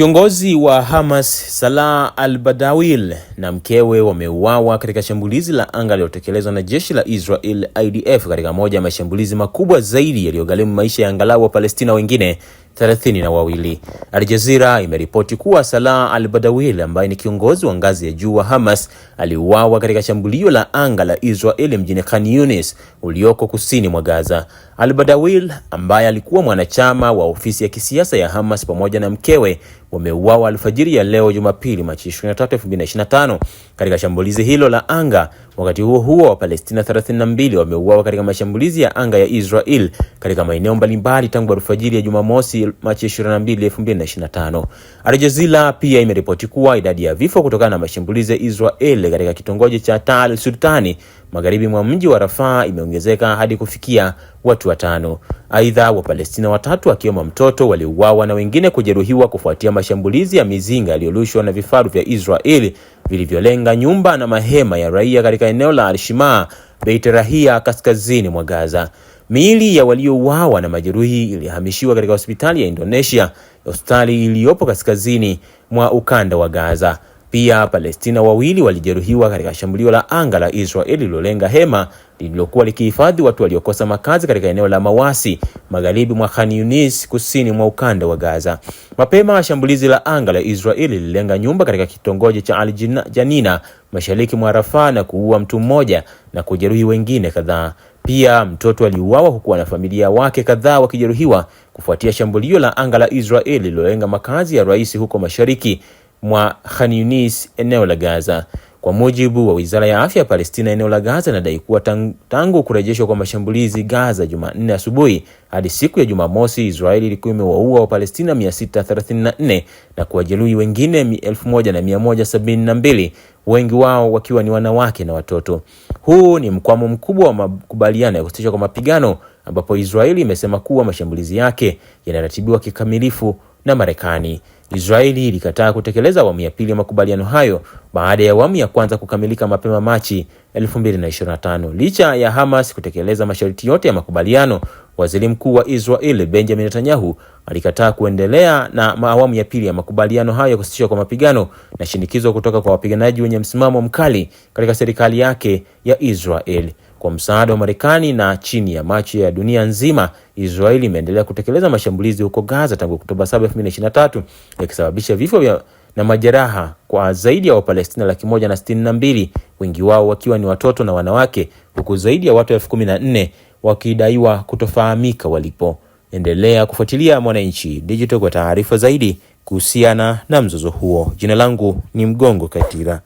Kiongozi wa Hamas Salah al-Badawil na mkewe wameuawa katika shambulizi la anga lililotekelezwa na jeshi la Israel IDF katika moja ya mashambulizi makubwa zaidi yaliyogharimu maisha ya angalau Wapalestina wengine thelathini na wawili. imeripoti kuwa Salah al-Badawil ambaye ni kiongozi wa ngazi ya juu wa Hamas aliuawa katika shambulio la anga la Israeli mjini Khan Yunis ulioko kusini mwa Gaza. Al-Badawil ambaye alikuwa mwanachama wa ofisi ya kisiasa ya Hamas pamoja na mkewe wameuawa alfajiri ya leo Jumapili Machi 23, 2025 katika shambulizi hilo la anga Wakati huo huo, Wapalestina 32 wameuawa katika mashambulizi ya anga ya Israel katika maeneo mbalimbali tangu alfajiri ya Jumamosi, Machi 22, 2025. pia imeripoti kuwa idadi ya vifo kutokana na mashambulizi ya Israel katika kitongoji cha Tal Sultani magharibi mwa mji wa Rafaa imeongezeka hadi kufikia watu watano. Aidha, Wapalestina watatu akiwemo mtoto waliuawa na wengine kujeruhiwa kufuatia mashambulizi ya mizinga yaliyorushwa na vifaru vya Israel vilivyolenga nyumba na mahema ya raia katika eneo la Alshima beitrahia Beit Rahia, kaskazini mwa Gaza. Miili ya waliouawa na majeruhi ilihamishiwa katika hospitali ya Indonesia, hospitali iliyopo kaskazini mwa ukanda wa Gaza. Pia Palestina wawili walijeruhiwa katika shambulio la anga la Israeli lililolenga hema lililokuwa likihifadhi watu waliokosa makazi katika eneo la Mawasi, magharibi mwa Khan Yunis, kusini mwa ukanda wa Gaza. Mapema, shambulizi la anga la Israeli lililenga nyumba katika kitongoji cha Al Janina, mashariki mwa Rafah na kuua mtu mmoja na kujeruhi wengine kadhaa. Pia mtoto aliuawa huku wanafamilia wake kadhaa wakijeruhiwa kufuatia shambulio la anga la Israeli lililolenga makazi ya rais huko mashariki mwa Khan Yunis eneo la Gaza. Kwa mujibu wa wizara ya afya ya Palestina, eneo la Gaza inadai kuwa tangu kurejeshwa kwa mashambulizi Gaza Jumanne asubuhi hadi siku ya Jumamosi, Israeli ilikuwa imewaua Wapalestina 634 na kuwajeruhi wengine 1172, wengi wao wakiwa ni wanawake na watoto. Huu ni mkwamo mkubwa wa makubaliano ya kusitishwa kwa mapigano, ambapo Israeli imesema kuwa mashambulizi yake yanaratibiwa kikamilifu na Marekani. Israeli ilikataa kutekeleza awamu ya pili ya makubaliano hayo baada ya awamu ya kwanza kukamilika mapema Machi 2025. Licha ya Hamas kutekeleza masharti yote ya makubaliano, Waziri Mkuu wa Israel Benjamin Netanyahu alikataa kuendelea na awamu ya pili ya makubaliano hayo ya kusitishwa kwa mapigano na shinikizo kutoka kwa wapiganaji wenye msimamo mkali katika serikali yake ya Israel. Kwa msaada wa Marekani na chini ya macho ya dunia nzima Israeli imeendelea kutekeleza mashambulizi huko Gaza tangu Oktoba 7, 2023 yakisababisha vifo vya na majeraha kwa zaidi ya Wapalestina laki moja na sitini na mbili, wengi wao wakiwa ni watoto na wanawake, huku zaidi ya watu elfu kumi na nne wakidaiwa kutofahamika walipo. Endelea kufuatilia Mwananchi Digital kwa taarifa zaidi kuhusiana na mzozo huo. Jina langu ni Mgongo Katira.